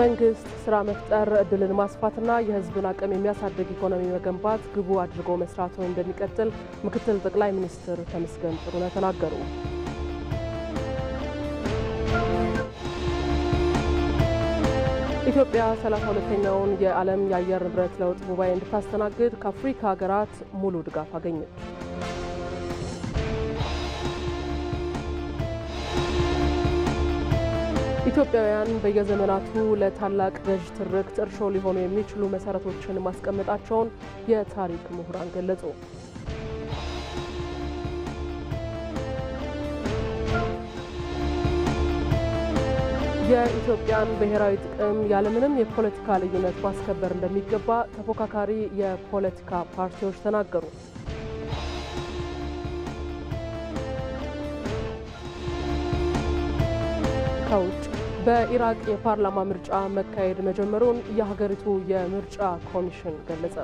መንግስት ስራ መፍጠር እድልን ማስፋትና የህዝብን አቅም የሚያሳድግ ኢኮኖሚ መገንባት ግቡ አድርጎ መስራቱ እንደሚቀጥል ምክትል ጠቅላይ ሚኒስትር ተመስገን ጥሩነህ ተናገሩ። ኢትዮጵያ 32ኛውን የዓለም የአየር ንብረት ለውጥ ጉባኤ እንድታስተናግድ ከአፍሪካ ሀገራት ሙሉ ድጋፍ አገኘች። ኢትዮጵያውያን በየዘመናቱ ለታላቅ ገዥ ትርክት እርሾ ሊሆኑ የሚችሉ መሰረቶችን ማስቀመጣቸውን የታሪክ ምሁራን ገለጹ። የኢትዮጵያን ብሔራዊ ጥቅም ያለምንም የፖለቲካ ልዩነት ማስከበር እንደሚገባ ተፎካካሪ የፖለቲካ ፓርቲዎች ተናገሩ። ከውጭ በኢራቅ የፓርላማ ምርጫ መካሄድ መጀመሩን የሀገሪቱ የምርጫ ኮሚሽን ገለጸ።